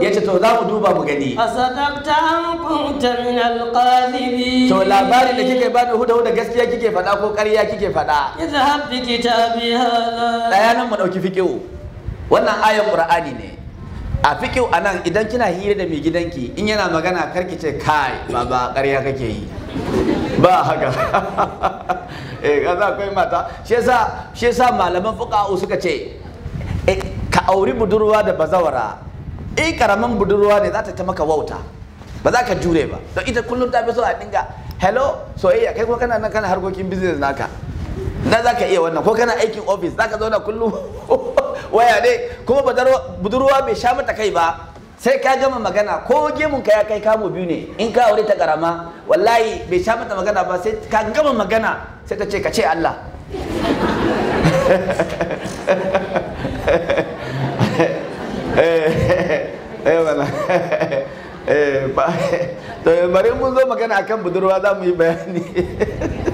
ya ce to za mu duba mu gani to labari da kike ba da huda huda gaskiya kike faɗa ko ƙarya kike faɗa izhab bi nan mu dauki fiqihu wannan ayar qur'ani ne a a anan idan kina hira da mai gidanki in yana magana karki ce kai baba ƙarya kake yi ba haka eh kaza kai mata shi yasa shi yasa malaman fuqa'u suka ce eh, ka auri budurwa da bazawara in eh, karaman budurwa ne za ta ta maka wauta ba za ka jure ba don ita kullum ta fi so a dinga hello soyayya kai ko kana nan kana harkokin business naka na za ka iya wannan ko kana aikin office za ka zauna kullum waya ne kuma budurwa bai sha mata kai ba sai ka gama magana ko gemun ka ya kai kamo biyu ne in ka aure ta karama wallahi bai sha mata magana ba sai ka gama magana sai ta ce ka ce Allah eh eh ba to bari mun zo magana akan budurwa za mu yi bayani